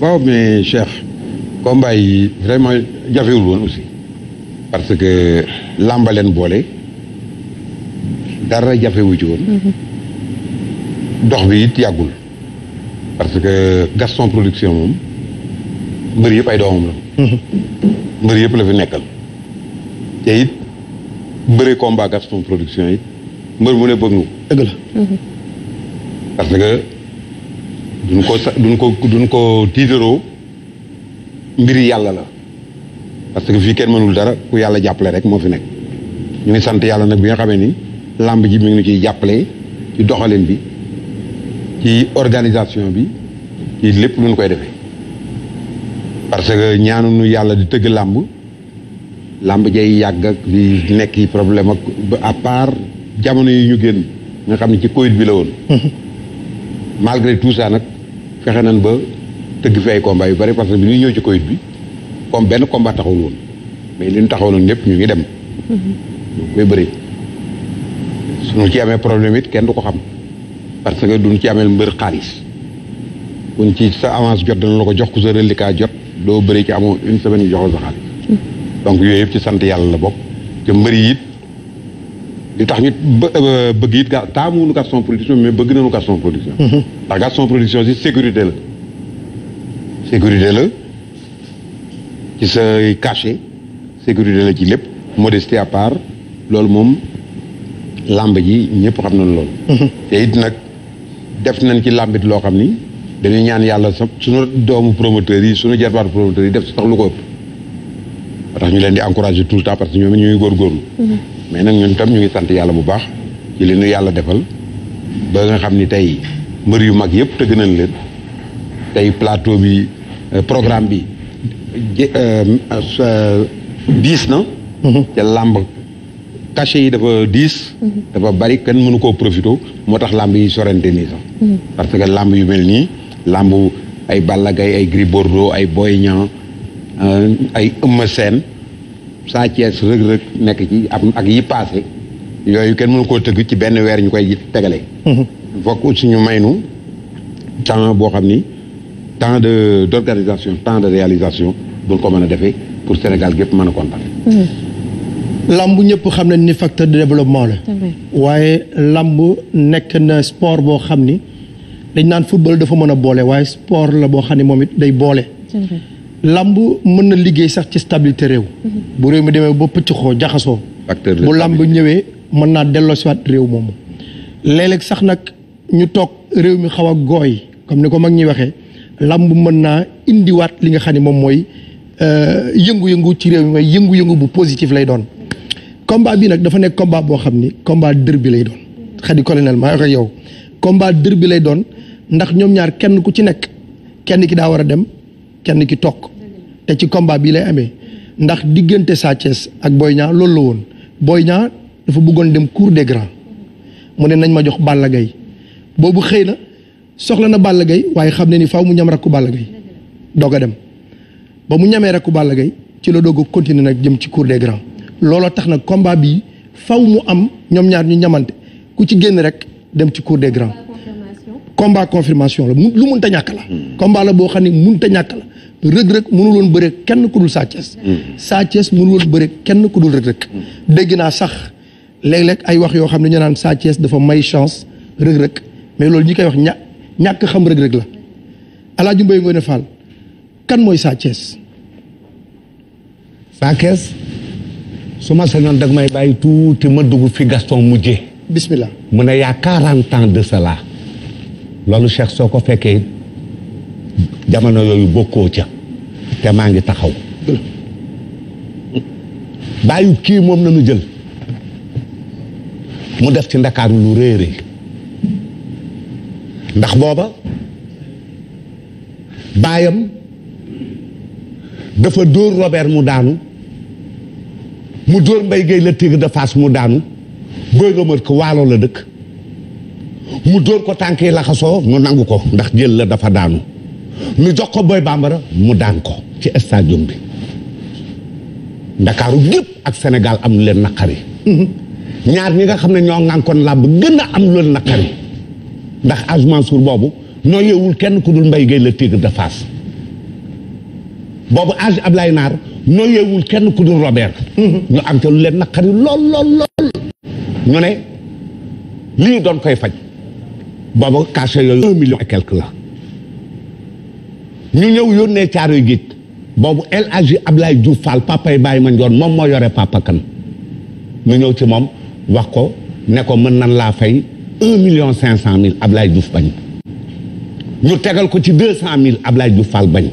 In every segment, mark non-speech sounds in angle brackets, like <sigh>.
waaw mais Cheikh combat yi vraiment jafewul woon aussi parce que làmba boole dara jafewu ci woon mhm. dox bi it yàggul parce que Gaston production moom mbër yëpp ay doomam la mhm. mbër yëpp la fi nekkal te it mbëre combat Gaston production it mbër mu ne bëgg na parce que duñ ko sa duñ ko duñ ko tiitaroo mbir yàlla la parce que fii kenn mënul dara ku yàlla jàppale rek moo fi nekk ñu ngi sant yàlla nag bi nga xamee ni làmb ji mi ngi ciy jàppale ci doxalin bi ci organisation bi ci lépp luñ koy defee parce que ñaanuñu yàlla di tëgg làmb làmb jay yàgg ak di nekk yi problème ak à part jamono yi ñu génn nga xam ne ci Covid bi la woon <laughs> malgré tout ça nag fexe nan ba tëgg fi ay combat yu bari parce que bi ñuy ñëw ci Covid bi comme benn combat taxawul woon mais li ñu taxawaloon ñëpp ñu ngi dem. Mhm. ñu koy bëri. suñu ci amee problème it kenn du ko xam parce que duñ ci amee mbër xaalis kuñ ci sa avance jot dana la ko jox ku sa reliquat jot loo bëri ci amoo une semaine ñu joxoon sa xaalis. Mhm. donc yooyu yëpp ci sant yàlla la bokk te mbëri it. li tax ñu euh, bëgg it ga taamuwuñu Gaston Production mais bëgg nañu Gaston Production. Mhm. ndax Gaston Production si sécurité la. sécurité la ci say cachet sécurité la ci lépp modestie à part loolu moom làmb ji ñëpp xam nañ loolu. Mhm. te it nag def nañ ci làmbit loo xam ni dañuy ñaan yàlla sax suñu doomu promoteurs yi suñu jarbaatu promoteurs yi def sax lu ko ëpp. ba tax ñu leen di encourager tout le parce que ñoom it ñu ngi mhm. mais nag ñun tam ñu ngi sant yàlla bu baax ci li nu yàlla defal ba nga xam ni tey mbër yu mag yëpp tëgg nañ leen tey plateau bi euh, programme bi euh, euh, diis na ca mm-hmm. làmb cachet yi dafa diis mm-hmm. dafa bari kenn mënu koo profité moo tax làmb yi sorante nii sax mm-hmm. parce que làmb yu mel nii làmb ay Balla ay Gris Bordeaux ay Boy Niang ay Eumeu Sène Sa Thiès rëg-rëg nekk ci ak yi passé yooyu kenn mënu koo tëgg ci benn weer ñu koy tegale mhm. fokk aussi ñu may nu temps boo xam ni temps de d' organisation temps de réalisation buñ ko mën a defee pour Sénégal gépp mën a kontaan mhm. lamb ñëpp xam nañ ni facteur de développement la waaye lamb nekk na sport boo xam ni dañ naan football dafa mën a boole waaye sport la boo xam ne moom it day boole lamb mën na liggéey sax ci stabilité réew. bu réew mi demee ba pëcc jaxasoo. bu lamb ñëwee mën naa delloosiwaat réew moom léeg-léeg sax nag ñu toog réew mi xaw a gooy comme ni ko mag ñi waxee lamb mën naa indiwaat li nga xam ne moom mooy euh, yëngu-yëngu ci réew mi mooy yëngu-yëngu bu positif lay doon. combat bi nag dafa nekk combat boo xam ni combat dër bi lay doon. xadi colonel maa wax yow combat dër bi lay doon ndax ñoom ñaar kenn ku ci nekk kenn ki daa war a dem. kenn ki tokk te ci combat bii lay amee ndax diggante Sa Thiès ak Boy ñaar loolu la woon Boy Niang dafa buggoon dem cour des grands mu ne nañ ma jox Balla Gaye boobu xëy na soxla na bàll gay waaye xam ne ni faw mu ñam rakku Balla Gaye doog dem ba mu ñamee rakku Balla Gaye ci la doog a continuer nag jëm ci cour des grands looloo tax nag combat bii faw mu am ñoom ñaar ñu ñamante ku ci génn rek dem ci cour des grands combat confirmation la lu munta ñàkk la mm. combat xam ne ñàkk rëg-rëg mënul woon bëre kenn ku dul Sa Thiès hmm. Sa Thiès mënul woon kenn ku dul rëg-rëg hmm. dégg naa sax léeg-léeg ay wax yoo xam ne ñoo naan Sa dafa may chance rëg-rëg mais loolu ñi koy wax ña ñàkk xam rëg-rëg la Alaaji Mbaye Ngoné Fall kan mooy Sa Thiès Sa su ma sañoon dag may bàyyi tuuti ma dugg fi Gaston mujjee bismillah mu ne yaa quarante ans de cela loolu Cheikh soo ko fekkee jamono yooyu bokkoo ca te maa ngi taxaw bàyyu kii moom nañu jël mu def ci ndakaaru lu réere ndax booba baayam dafa dóor Robert mu daanu mu dóor mbay Guèye la Tigre de mu daanu Boy Remarque waalo la dëkk mu dóor ko tànk yi laxasoo mu nangu ko ndax jël la dafa daanu ñu jox ko Boy Bambara mu daan ko ci stadium bi ndakaaru gépp ak Sénégal am lu leen naqari mhm. ñaar ñi nga xam ne ñoo ngànkoon làmb gën a am lu leen naqari ndax Hadj Mansour boobu noo yeewul kenn ku dul mbay Gueye la tigre de Fass boobu Hadj lay Naar noo yeewul kenn ku dul Robert mhm. ñu am ca lu leen naqari lool lool ñu ne lii doon koy faj boobu cachet yooyu un million et quelque ñu ñëw yónnee caaroy géej boobu El Hadji Abdoulaye Diouf Fall papay Baye Mandione moom moo yore papa kan ñu ñëw ci moom wax ko ne ko mën nan laa fay un million cinq cent mille Abdoulaye Diouf bañ ñu tegal ko ci deux cent mille Abdoulaye Diouf Fall bañ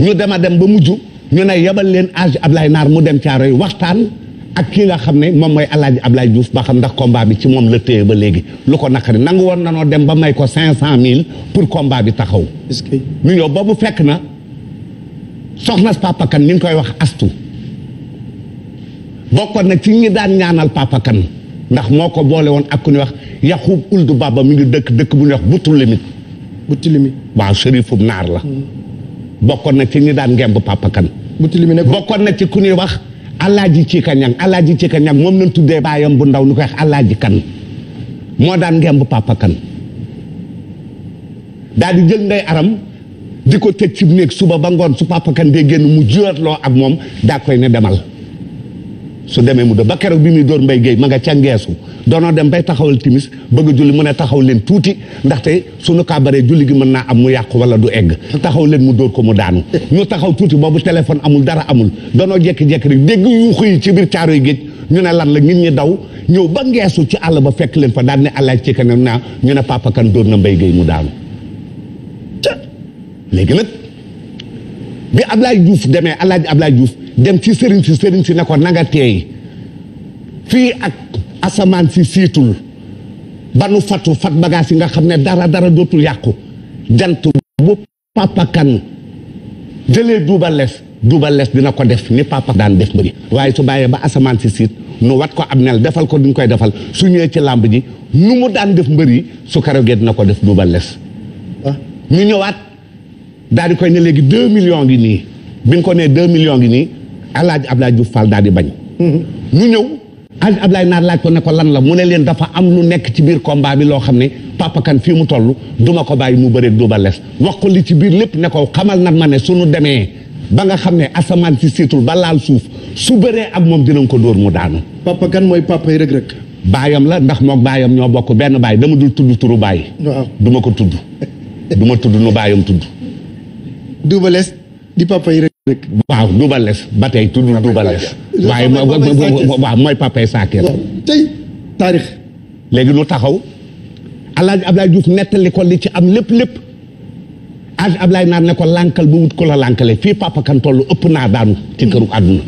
ñu dem a dem ba mujj ñu ne yebal leen ab Abdoulaye Naar mu dem caaroy waxtaan ak kii la xam ne moom mooy alaaji Ablaye Diouf ba xam ndax combat bi ci moom la téye ba léegi lu ko naqari nangu woon nanoo dem ba may ko cinq cent mille pour combat bi taxaw mu ñëw boobu fekk na soxna Papa Kane ñu ngi koy wax astu bokkoon na ci ñi daan ñaanal Papa ndax moo ko boole woon ak ku ñuy wax Yaxub Uldu Baba mu ngi dëkk dëkk bu ñuy wax Butu Limit Butu Limit waaw chérifub naar la mm. bokkoon na ci ñi daan ngemb Papa Kane Butu bokkoon na ci ku ñuy wax alaaji ci ka ñang alaaji ci ka moom lañ tuddee baayam bu ndaw ñu koy wax kan moo daan ngemb papa kan daal di jël ndey aram di ko tëj ci néeg suba ba ngoon su papa kan dee génn mu jurat ak moom daa koy ne demal su demee mu do ba keroog bi muy dóor mbay géey ma nga ca ngeesu doonoo dem bay taxawal timis bëgg a julli mu ne taxaw leen tuuti ndaxte su suñu kaabaree julli gi mën naa am mu yàqu wala du egg taxaw leen mu dóor ko mu daanu ñu taxaw tuuti boobu téléphone amul dara amul doonoo jekki-jekki rek dégg yuuxu yi ci biir caarooy géej ñu ne lan la nit ñi daw ñëw ba ngeesu ci àll ba fekk leen fa daan ni àllaaj ci kanam naa ñu ne papa kan dóor na mbay géey mu daanu léegi nag bi Ablaye Diouf demee Alaaji Ablaye Diouf dem ci sëriñ si sëriñ si ne ko nanga teey fii ak asamaan si siitul ba nu fatu fat bagaas yi nga xam ne dara dara dootul yàqu jant bu papa kan jëlee duubalees duubalees dina ko def ni papa daan def mbëri waaye su bàyyee ba asamaan si siit nu wat ko ab nel defal ko duñ koy defal su ñëwee ci làmb ji nu mu daan def mbëri su karogee dina ko def duubalees ah. ñu ñëwaat daal di koy ne léegi deux million gi nii bi ñu ko nee deux million gi nii Alaaji Ablaye Diouf Fall daal di bañ. mu mm-hmm. ñëw Alaaji Ablaye naar laaj ko ne ko lan la mu ne leen dafa am lu nekk ci biir combat bi loo xam ne Papa fii mu toll duma ko bàyyi mu bëreeg Double Less li ci biir lépp ne ko xamal na ma ne sunu demee ba nga xam ne asamaan si siitul ba laal suuf su bëree ak moom dinañ ko dóor mu daanu. Papa mooy papa rek rek baayam la ndax moog baayam ñoo bokk benn baay dama dul tudd turu baay. duma ko tudd. <laughs> du ma tudd nu baayam tudd. waaw Double Less ba tey tudd Double Less waaye waaw mooy Pape Saké tey taarix léegi lu taxaw Alaaji Ablaye Diouf nettali ko li ci am lépp lépp Alaaji lay naan ne ko lankal bu wut ko la lànkale fii Papa Kan tollu ëpp naa daanu ci këru àdduna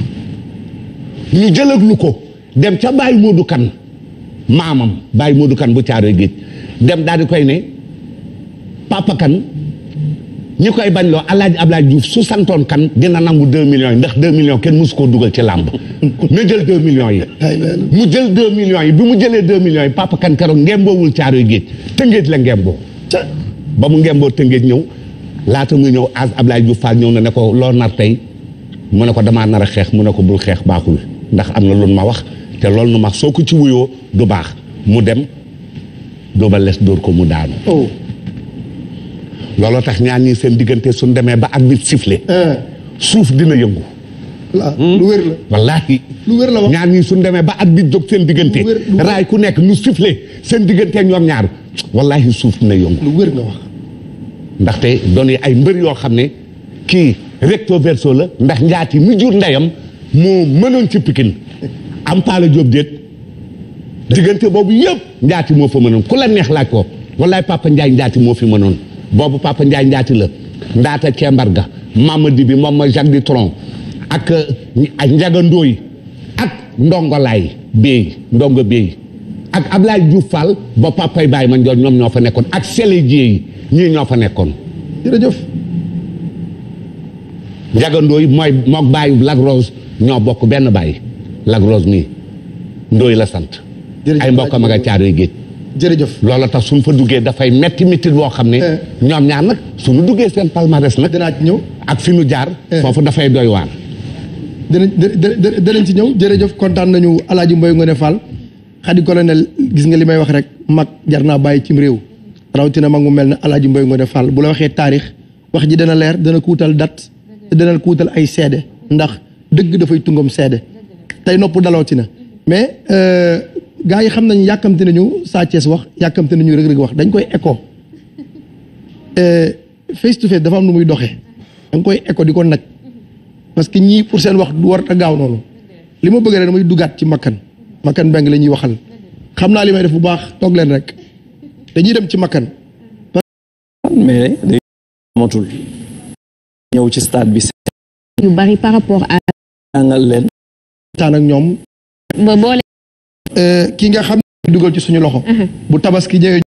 ñu jëlaglu ko dem ca Baye Modou Kan maamam Baye Modou Kan bu caaree géej dem daal koy ne Papa Kan ñi koy bañ loo Alaaji Ablaye Diouf su santoon kan dina nangu deux millions yi ndax deux millions kenn mosu koo dugal ci làmb na jël deux million yi mu jël deux millions yi bi mu jëlee deux millions yi papa kan keroog ngemboowul caaroy géej tëngéej la ngemboo ba mu ngemboo tëngéej ñëw laata muy ñëw as Ablaye Diouf Fall ñëw na ne ko loo nar tey mu ne ko damaa nar a xeex mu ne ko bul xeex baaxul ndax am na loolu ma wax te loolu nu ma soo ko ci wuyoo du baax mu dem dooba les dóor ko mu daanu oh. looloo tax ñaan ñi seen diggante suñ demee ba ak bit sifflé eh. suuf dina yëngu lu wér la wallaahi lu wér la wax ñaar suñ demee ba at bi jóg seen diggante raay ku nekk lu sifflé seen diggante ñoom ñaar wallaahi suuf dina yëngu lu wér nga ndaxte doon ay mbër yoo xam ne kii recto verso la ndax njaati mi jur ndeyam moo mënoon ci pikin am paala jóob déet diggante boobu yëpp njaati moo fa mënoon ku la neex laaj ko wallaay papa Njaay njaati moo fi mënoon boobu papa Ndiaye njaati la ndaata Kembarga Mamadi bi moom ma Jacques Dutronc ak euh, ak Ndiaga Ndoye ak Ndongolaay Bey Ndongo Bey ak Ablaye Diouf Fall ba papay bàyyi man ñoom ñoo fa nekkoon ak Sele Dieye ñii ñoo fa nekkoon jërëjëf Ndiaga Ndoye mooy moog bàyyi Lac ñoo bokk benn baay Lac Rose mii la sant ay mbokk ma nga caaroy géej jërëjëf loola tax suñ fa duggee dafay metti metti boo xam ne eh. ñoom ñaan nag suñu duggee seen palmarès nag dinaa ci ñëw ak fi nu jaar eh. foofu dafay doy waar dinañ ci ñëw jërëjëf kontaan nañu alaaji Mbaye Ngoné Fall Khady Colonel gis nga li may wax rek mag jar naa bàyyi cim réew rawatina mag mu mel ne alaaji mbay Ngoné Fall bu la waxee taarix wax ji dana leer dana kuutal date te dana kuutal ay seede ndax dëgg dafay tungam seede tey nopp dalootina mais euh, gaa yi xam nañ yàkkamte nañu Sa Thiès wax yàkkamte nañu Reug Reug wax dañ koy écho euh, face to face dafa am nu muy doxee dañ koy écho di ko naj parce que ñii pour seen wax du war a gaaw noonu li ma bëgg rek damay dugaat ci makkan makkan mbeng la ñuy waxal xam naa li may def bu baax toog leen rek dañuy dem ci makkan mais day amatul ñëw ci stade bi yu bari par rapport leen taan ñoom Euh, ki nga xam ne dugal ci suñu loxo mm-hmm. bu tabaski ñëwee